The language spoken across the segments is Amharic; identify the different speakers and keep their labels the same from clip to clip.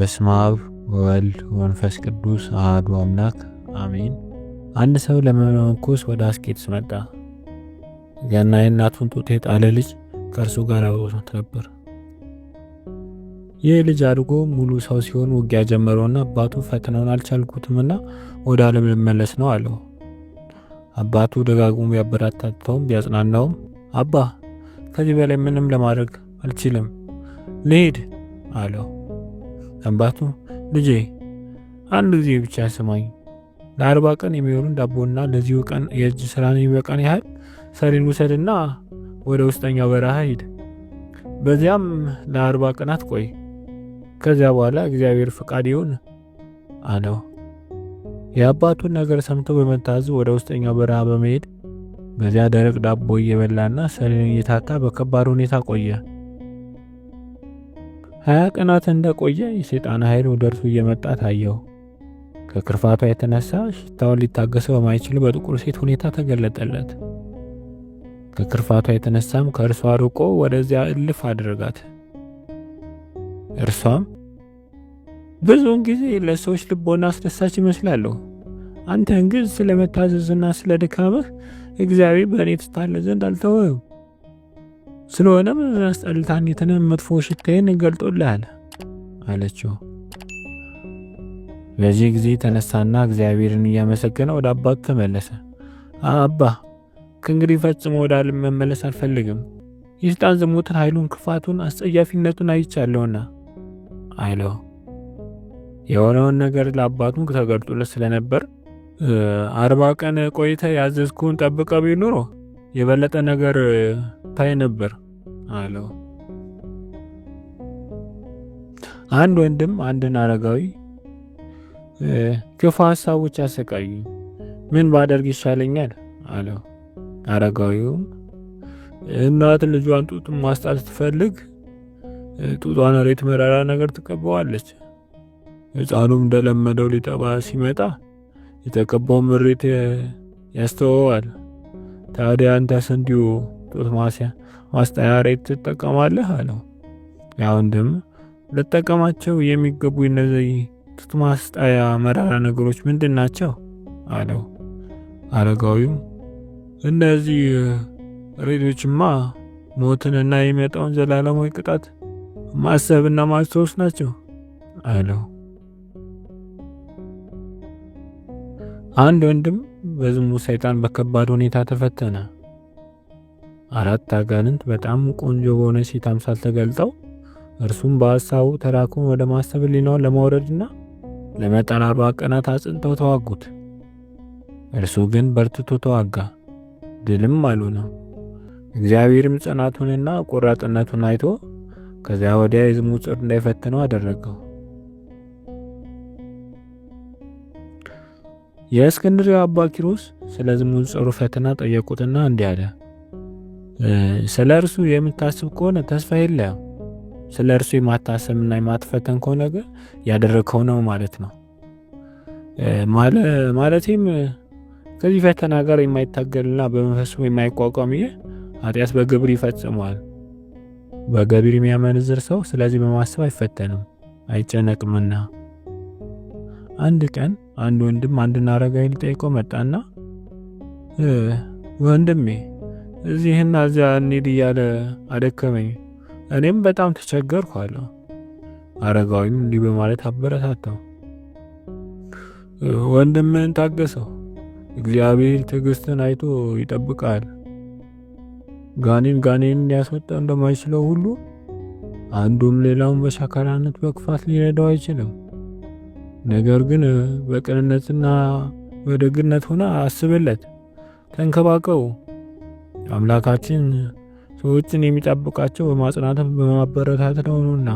Speaker 1: በስመ አብ ወወልድ ወመንፈስ ቅዱስ አሐዱ አምላክ አሜን። አንድ ሰው ለመመንኮስ ወደ አስቄጥስ መጣ። ያና የእናቱን ጡት የጣለ ልጅ ከእርሱ ጋር አብሮት ነበር። ይህ ልጅ አድጎ ሙሉ ሰው ሲሆን ውጊያ ጀመረውና አባቱ ፈትነውን አልቻልኩትምና ወደ ዓለም ልመለስ ነው አለው። አባቱ ደጋግሞ ቢያበረታታውም ቢያጽናናውም አባ ከዚህ በላይ ምንም ለማድረግ አልችልም ልሄድ አለው። አባቱ ልጄ አንድ ጊዜ ብቻ ስማኝ፣ ለአርባ ቀን የሚሆኑን ዳቦና ለዚሁ ቀን የእጅ ስራን የሚበቃን ያህል ሰሌን ውሰድና ወደ ውስጠኛው በረሃ ሂድ። በዚያም ለአርባ ቀናት ቆይ። ከዚያ በኋላ እግዚአብሔር ፈቃድ ይሁን አለው። የአባቱን ነገር ሰምቶ በመታዘዝ ወደ ውስጠኛው በረሃ በመሄድ በዚያ ደረቅ ዳቦ እየበላና ሰሌን እየታታ በከባድ ሁኔታ ቆየ። ሀያ ቀናት እንደቆየ የሰይጣን ኃይል ወደ እርሱ እየመጣ ታየው። ከክርፋቷ የተነሳ ሽታውን ሊታገሰው በማይችል በጥቁር ሴት ሁኔታ ተገለጠለት። ከክርፋቷ የተነሳም ከእርሷ ርቆ ወደዚያ እልፍ አደረጋት። እርሷም ብዙውን ጊዜ ለሰዎች ልቦና አስደሳች ይመስላለሁ፣ አንተን ግን ስለ መታዘዝና ስለ ድካምህ እግዚአብሔር በእኔ ትታለ ዘንድ አልተወህም ስለሆነም አስጠልታኔትንም መጥፎ ሽታዬን ይገልጦልሃል አለችው። በዚህ ጊዜ ተነሳና እግዚአብሔርን እያመሰገነ ወደ አባት ተመለሰ። አባ ከእንግዲህ ፈጽሞ ወደ መመለስ አልፈልግም። የሰይጣን ዝሙትን፣ ኃይሉን፣ ክፋቱን፣ አስጸያፊነቱን አይቻለውና አይለው። የሆነውን ነገር ለአባቱ ተገልጦለት ስለነበር አርባ ቀን ቆይተ ያዘዝኩን ጠብቀ ኑሮ የበለጠ ነገር ታይ ነበር አለው። አንድ ወንድም አንድን አረጋዊ ክፉ ሀሳቦች አሰቃዩ፣ ምን ባደርግ ይሻለኛል አለው። አረጋዊውም እናት ልጇን ጡት ማስጣት ስትፈልግ ጡቷን ሬት መራራ ነገር ትቀበዋለች። ህፃኑም እንደለመደው ሊጠባ ሲመጣ የተቀባው ምሬት ያስተወዋል። ታዲያ አንተስ እንዲሁ ጡት ማስያ ማስተኛ ሬት ትጠቀማለህ አለው። ያ ወንድም ልጠቀማቸው የሚገቡ እነዚህ ጡት ማስጣያ መራራ ነገሮች ምንድን ናቸው አለው። አረጋዊም እነዚህ ሬዲዮችማ ሞትንና የሚመጣውን ዘላለማዊ ቅጣት ማሰብና ማስታወስ ናቸው አለው። አንድ ወንድም በዝሙ ሰይጣን በከባድ ሁኔታ ተፈተነ። አራት አጋንንት በጣም ቆንጆ በሆነ ሴት አምሳል ተገልጠው እርሱም በሀሳቡ ተራክሞ ወደ ማሰብ ሊናውን ለማውረድና ለመጠን አርባ ቀናት አጽንተው ተዋጉት። እርሱ ግን በርትቶ ተዋጋ፣ ድልም ነው። እግዚአብሔርም ጽናቱንና ቆራጥነቱን አይቶ ከዚያ ወዲያ የዝሙ ጽር እንዳይፈትነው አደረገው። የእስክንድርያው አባ ኪሮስ ስለ ዝሙ ጽሩ ፈተና ጠየቁትና እንዲህ አለ። ስለ እርሱ የምታስብ ከሆነ ተስፋ የለም። ስለ እርሱ የማታሰብና የማትፈተን ከሆነ ግን ያደረግከው ነው ማለት ነው። ማለትም ከዚህ ፈተና ጋር የማይታገልና በመንፈሱ የማይቋቋም ይህ ኃጢአት በግብር ይፈጽመዋል። በገቢር የሚያመነዝር ሰው ስለዚህ በማሰብ አይፈተንም አይጨነቅምና። አንድ ቀን አንድ ወንድም አንድን አረጋዊ ሊጠይቀው መጣና ወንድሜ እዚህና እዚያ እንሂድ እያለ አደከመኝ። እኔም በጣም ተቸገርኩ አለ። አረጋዊም እንዲህ በማለት አበረታታው። ወንድምህን ታገሰው፣ እግዚአብሔር ትዕግስትን አይቶ ይጠብቃል። ጋኔን ጋኔን ሊያስወጣ እንደማይችለው ሁሉ አንዱም ሌላውን በሻካራነት በክፋት ሊረዳው አይችልም። ነገር ግን በቅንነትና በደግነት ሆነ አስብለት፣ ተንከባከው። አምላካችን ሰዎችን የሚጠብቃቸው በማጽናት በማበረታት ነውና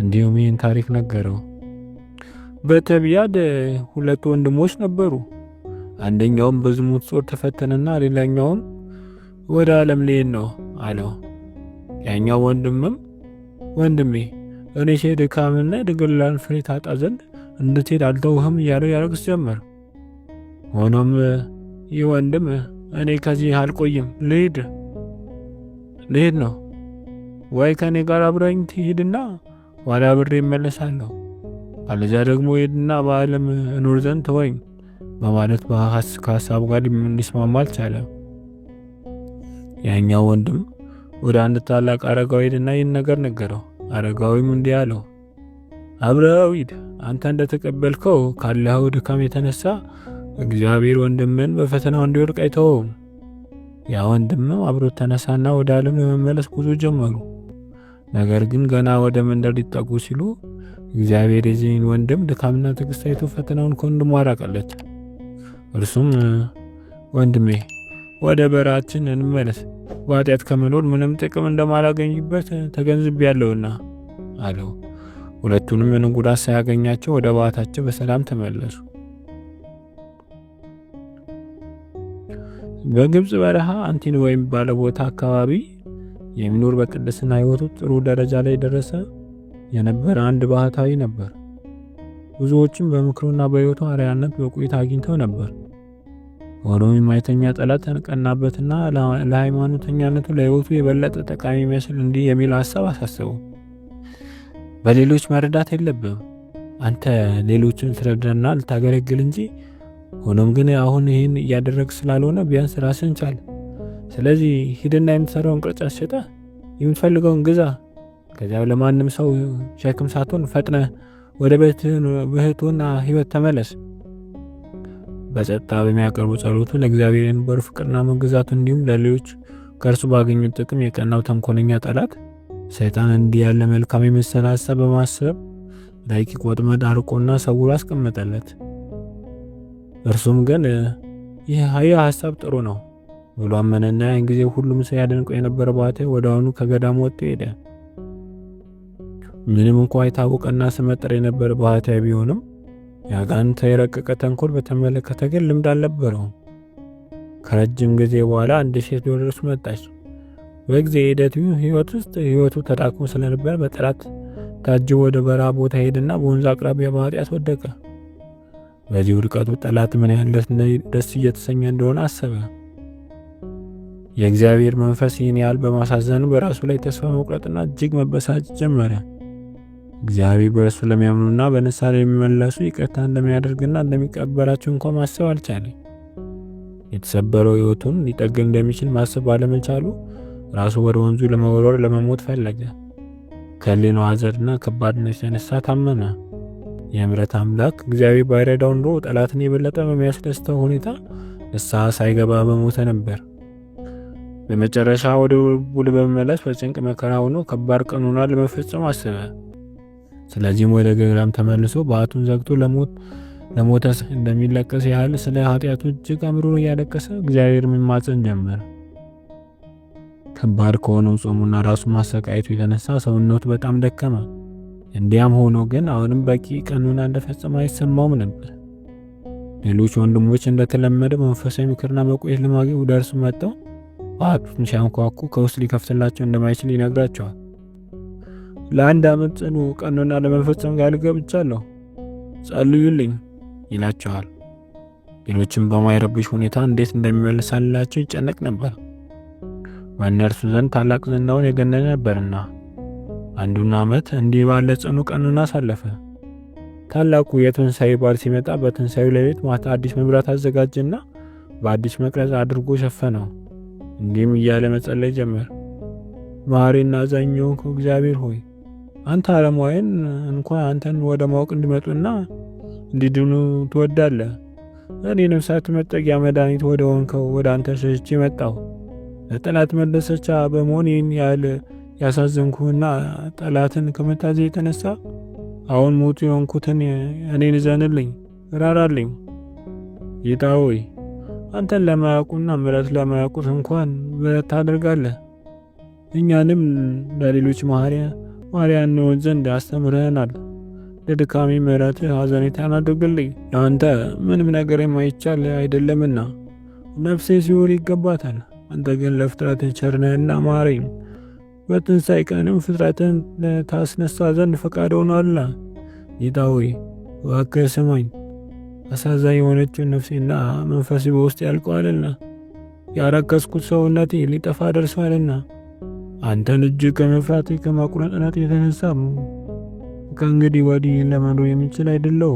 Speaker 1: እንዲሁም ይህን ታሪክ ነገረው። በተቢያድ ሁለት ወንድሞች ነበሩ። አንደኛውም በዝሙት ጾር ተፈተነና ሌላኛውም ወደ ዓለም ሊሄድ ነው አለው። ያኛው ወንድምም ወንድሜ እኔ ሴት ድካምና ድንግልናን ፍሬ ታጣ ዘንድ እንድትሄድ አልተውህም እያለው ያረግስ ጀመር። ሆኖም ይህ ወንድም እኔ ከዚህ አልቆይም፣ ልሂድ ልሂድ ነው። ወይ ከኔ ጋር አብረኝ ትሄድና ዋላ ብሬ እመለሳለሁ፣ አለዚያ ደግሞ ሄድና በዓለም እኖር ዘንድ ተወኝ በማለት ከሀሳቡ ጋር ሊስማማ አልቻለም። ያኛው ወንድም ወደ አንድ ታላቅ አረጋዊ ሄድና ይህን ነገር ነገረው። አረጋዊም እንዲህ አለው፣ አብረው ሂድ። አንተ እንደተቀበልከው ካለኸው ድካም የተነሳ እግዚአብሔር ወንድምን በፈተናው እንዲወድቅ አይተውም ያ ወንድምም አብሮት ተነሳና ወደ ዓለም ለመመለስ ጉዞ ጀመሩ። ነገር ግን ገና ወደ መንደር ሊጠጉ ሲሉ እግዚአብሔር የዚህን ወንድም ድካምና ትዕግስት አይቶ ፈተናውን ከወንድሙ አራቀለት። እርሱም ወንድሜ ወደ በራችን እንመለስ፣ በኃጢአት ከመኖር ምንም ጥቅም እንደማላገኝበት ተገንዝቤያለሁና አለው። ሁለቱንም ምንም ጉዳት ሳያገኛቸው ወደ በዓታቸው በሰላም ተመለሱ። በግብፅ በረሃ አንቲን ወይም ባለቦታ አካባቢ የሚኖር በቅድስና ህይወቱ ጥሩ ደረጃ ላይ ደረሰ የነበረ አንድ ባህታዊ ነበር። ብዙዎችም በምክሩና በህይወቱ አርያነት በቁይት አግኝተው ነበር። ሆኖም የማይተኛ ጠላት ተንቀናበትና ለሃይማኖተኛነቱ ለህይወቱ የበለጠ ጠቃሚ መስል እንዲህ የሚል ሀሳብ አሳሰቡ። በሌሎች መረዳት የለብም። አንተ ሌሎችን ትረዳና ልታገለግል እንጂ ሆኖም ግን አሁን ይህን እያደረግ ስላልሆነ ቢያንስ ራስን ቻል። ስለዚህ ሂድና የምትሰራውን ቅርጫት ሸጠ የምትፈልገውን ግዛ። ከዚያ ለማንም ሰው ሸክም ሳትሆን ፈጥነ ወደ ብህቱና ህይወት ተመለስ። በጸጥታ በሚያቀርቡ ጸሎቱ ለእግዚአብሔር በር ፍቅርና መገዛቱ እንዲሁም ለሌሎች ከእርሱ ባገኙት ጥቅም የቀናው ተንኮለኛ ጠላት ሰይጣን እንዲህ ያለ መልካም የመሰለ ሀሳብ በማሰብ ደቂቅ ወጥመድ አርቆና ሰውሮ አስቀመጠለት። እርሱም ግን ይህ ሀሳብ ጥሩ ነው ብሎ አመነና ያን ጊዜ ሁሉም ሰው ያደንቀው የነበረ ባሕታዊ ወዲያውኑ ከገዳሙ ወጥቶ ሄደ። ምንም እንኳ የታወቀና ስመጥር የነበረ ባቴ ቢሆንም የአጋንንት የረቀቀ ተንኮል በተመለከተ ግን ልምድ አልነበረው። ከረጅም ጊዜ በኋላ አንድ ሴት ወደ እርሱ መጣች። በጊዜ ሂደቱ ህይወት ውስጥ ህይወቱ ተዳክሞ ስለነበር በጠላት ታጅቦ ወደ በረሃ ቦታ ሄደና በወንዝ አቅራቢያ በኃጢአት ወደቀ። በዚህ ውድቀቱ ጠላት ምን ያህል ደስ እየተሰኘ እንደሆነ አሰበ። የእግዚአብሔር መንፈስ ይህን ያህል በማሳዘኑ በራሱ ላይ ተስፋ መቁረጥና እጅግ መበሳጭ ጀመረ። እግዚአብሔር በእርሱ ለሚያምኑና በንስሐ ለሚመለሱ ይቅርታ እንደሚያደርግና እንደሚቀበላቸው እንኳ ማሰብ አልቻለም። የተሰበረው ሕይወቱን ሊጠገን እንደሚችል ማሰብ ባለመቻሉ ራሱ ወደ ወንዙ ለመወርወር ለመሞት ፈለገ። ከሌላው ሐዘንና ከባድነት የተነሳ ታመመ። የምሕረት አምላክ እግዚአብሔር ባይረዳው ኖሮ ጠላትን የበለጠ በሚያስደስተው ሁኔታ ንስሐ ሳይገባ በሞተ ነበር። በመጨረሻ ወደ ቡል በመመለስ በጭንቅ መከራ ሆኖ ከባድ ቀኖና ለመፈጸም አሰበ። ስለዚህም ወደ ገግራም ተመልሶ በዓቱን ዘግቶ ለሞት ለሞተ እንደሚለቀስ ያህል ስለ ኃጢአቱ እጅግ አምሮ እያለቀሰ እግዚአብሔር የሚማጸን ጀመረ። ከባድ ከሆነው ጾሙና ራሱ ማሰቃየቱ የተነሳ ሰውነቱ በጣም ደከመ። እንዲያም ሆኖ ግን አሁንም በቂ ቀኖና እንደፈጸመ አይሰማውም ነበር። ሌሎች ወንድሞች እንደተለመደ መንፈሳዊ ምክርና መቆየት ለማግኘት ወደ እርሱ መጥተው ሲያንኳኩ ከውስጥ ሊከፍትላቸው እንደማይችል ይነግራቸዋል። ለአንድ ዓመት ጽኑ ቀኖና ለመፈጸም ቃል ገብቻለሁ፣ ጸልዩልኝ ይላቸዋል። ሌሎችም በማይረብሽ ሁኔታ እንዴት እንደሚመልሳላቸው ይጨነቅ ነበር። በእነርሱ ዘንድ ታላቅ ዝናውን የገነነ ነበርና አንዱን ዓመት እንዲህ ባለ ጽኑ ቀኑን አሳለፈ። ታላቁ የትንሣኤ በዓል ሲመጣ በትንሣኤው ሌሊት ማታ አዲስ መብራት አዘጋጀና በአዲስ መቅረዝ አድርጎ ሸፈነው። እንዲህም እያለ መጸለይ ጀመር። ማሪና አዛኝ የሆንክ እግዚአብሔር ሆይ አንተ ዓለማውያን እንኳን አንተን ወደ ማወቅ እንዲመጡና እንዲድኑ ትወዳለ እኔ ነፍሳት መጠጊያ መድኃኒት ወደ ሆንከው ወደ አንተ ሸሽቼ መጣሁ። ለጠላት መደሰቻ በመሆን ይህን ያህል ያሳዘንኩህና ጠላትን ከመታዘ የተነሳ አሁን ሞቱ የሆንኩትን እኔን ዘንልኝ፣ ራራልኝ። ጌታ ሆይ አንተን ለማያውቁና ምሕረት ለማያውቁት እንኳን ምሕረት ታደርጋለህ። እኛንም ለሌሎች መሐሪያ ማሪያ እንሆን ዘንድ አስተምረህናል። ለድካሚ ምረት ሐዘኔታን አድርግልኝ። ለአንተ ምንም ነገር የማይቻል አይደለምና ነፍሴ ሲኦል ይገባታል። አንተ ግን ለፍጥረት ቸርነህና ማረኝ። በትንሣኤ ቀንም ፍጥረትን ታስነሳ ዘንድ ፈቃድ ሆኗልና። ጌታ ሆይ እባክህ ስማኝ። አሳዛኝ የሆነችው ነፍሴና መንፈስ በውስጥ ያልቀዋልና ያረከስኩት ሰውነቴ ሊጠፋ ደርሷልና አንተን እጅግ ከመፍራቴ ከማቁረጥነት የተነሳ ከእንግዲህ ወዲህ ለመኖር የሚችል አይደለው።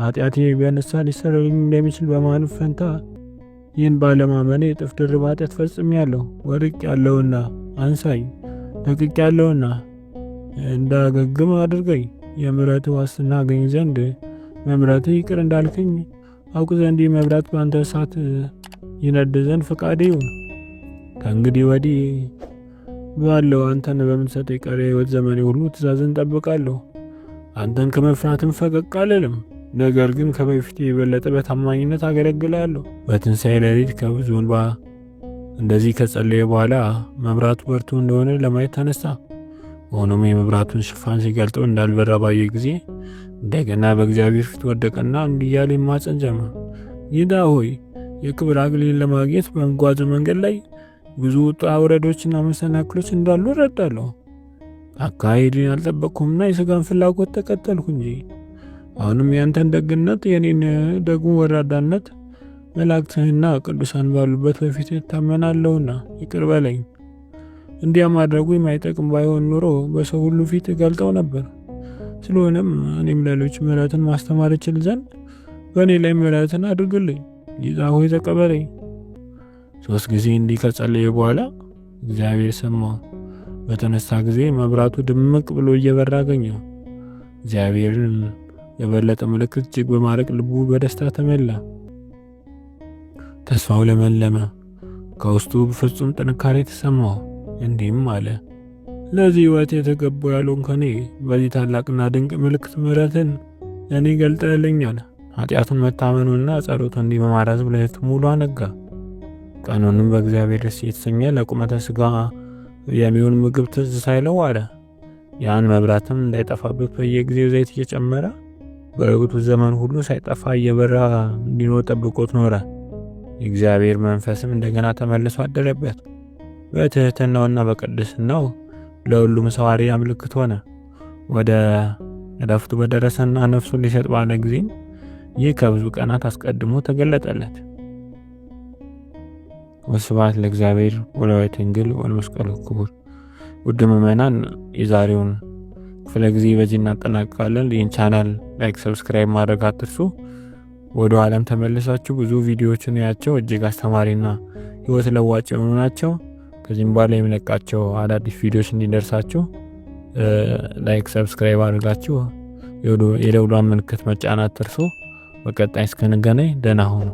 Speaker 1: ኃጢአቴ ቢያነሳ ሊሰረልኝ እንደሚችል በማንም ፈንታ ይህን ባለማመኔ ጥፍ ድርብ ኃጢአት ፈጽሜያለሁ፣ ያለውና። አንሳኝ፣ ደቅቅ ያለውና እንዳገግም አድርገኝ። የምሕረት ዋስትና አገኝ ዘንድ መምረት ይቅር እንዳልክኝ አውቅ ዘንድ መብራት በአንተ እሳት ይነድ ዘንድ ፈቃድ ይሁን። ከእንግዲህ ወዲህ ባለው አንተን በምንሰጥ የቀሪ ህይወት ዘመን ሁሉ ትእዛዝን እጠብቃለሁ። አንተን ከመፍራትም ፈቀቅ አልልም። ነገር ግን ከበፊት የበለጠ በታማኝነት አገለግላለሁ። በትንሣኤ ሌሊት ከብዙ እንባ እንደዚህ ከጸለየ በኋላ መብራቱ በርቶ እንደሆነ ለማየት ተነሳ። ሆኖም የመብራቱን ሽፋን ሲገልጠው እንዳልበራ ባየ ጊዜ እንደገና በእግዚአብሔር ፊት ወደቀና እንዲህ እያለ ይማጸን ጀመር። ይዳ ሆይ የክብር አግሌን ለማግኘት በመጓዝ መንገድ ላይ ብዙ ውጣ ውረዶችና መሰናክሎች እንዳሉ እረዳለሁ። አካሄድን አልጠበቅኩምና የስጋን ፍላጎት ተከተልኩ እንጂ አሁንም ያንተን ደግነት የኔን ደግሞ ወራዳነት መላእክትህና ቅዱሳን ባሉበት በፊት እታመናለሁና ይቅር በለኝ። እንዲያ ማድረጉ የማይጠቅም ባይሆን ኑሮ በሰው ሁሉ ፊት ገልጠው ነበር። ስለሆነም እኔም ሌሎች ምሕረትን ማስተማር እችል ዘንድ በእኔ ላይ ምሕረትን አድርግልኝ፣ ጌታ ሆይ ተቀበለኝ። ሶስት ጊዜ እንዲህ ከጸለየ በኋላ እግዚአብሔር ሰማው። በተነሳ ጊዜ መብራቱ ድምቅ ብሎ እየበራ አገኘው። እግዚአብሔርን የበለጠ ምልክት እጅግ በማድረግ ልቡ በደስታ ተመላ። ተስፋው ለመለመ፣ ከውስጡ ፍጹም ጥንካሬ ተሰማው። እንዲህም አለ፣ ለዚህ ሕይወት የተገቡ ያሉን ከኔ በዚህ ታላቅና ድንቅ ምልክት ምሕረትን ለእኔ ገልጠልኛል። ኃጢአቱን መታመኑና ጸሎቱ እንዲህ በማራዝ ሙሉ አነጋ። ቀኑንም በእግዚአብሔር ደስ የተሰኘ ለቁመተ ስጋ የሚሆን ምግብ ትዝ ሳይለው አለ። ያን መብራትም እንዳይጠፋበት በየጊዜው ዘይት እየጨመረ በሕይወቱ ዘመን ሁሉ ሳይጠፋ እየበራ እንዲኖር ጠብቆት ኖረ። የእግዚአብሔር መንፈስም እንደገና ተመልሶ አደረበት። በትህትናውና በቅድስናው ለሁሉም ሰዋሪ ምልክት ሆነ። ወደ እረፍቱ በደረሰና ነፍሱን ሊሰጥ ባለ ጊዜም ይህ ከብዙ ቀናት አስቀድሞ ተገለጠለት። ወስብሐት ለእግዚአብሔር ወለወላዲቱ ድንግል ወለመስቀሉ ክቡር። ውድ ምዕመናን የዛሬውን ክፍለ ጊዜ በዚህ እናጠናቅቃለን። ይህን ቻናል ላይክ፣ ሰብስክራይብ ማድረግ አትርሱ። ወደ ዓለም ተመልሳችሁ ብዙ ቪዲዮዎችን ያቸው እጅግ አስተማሪና ህይወት ለዋጭ የሆኑ ናቸው። ከዚህም በኋላ የምለቃቸው አዳዲስ ቪዲዮዎች እንዲደርሳችሁ ላይክ፣ ሰብስክራይብ አድርጋችሁ የደውሏን ምልክት መጫናት እርሶ። በቀጣይ እስከንገናኝ ደህና ሁኑ።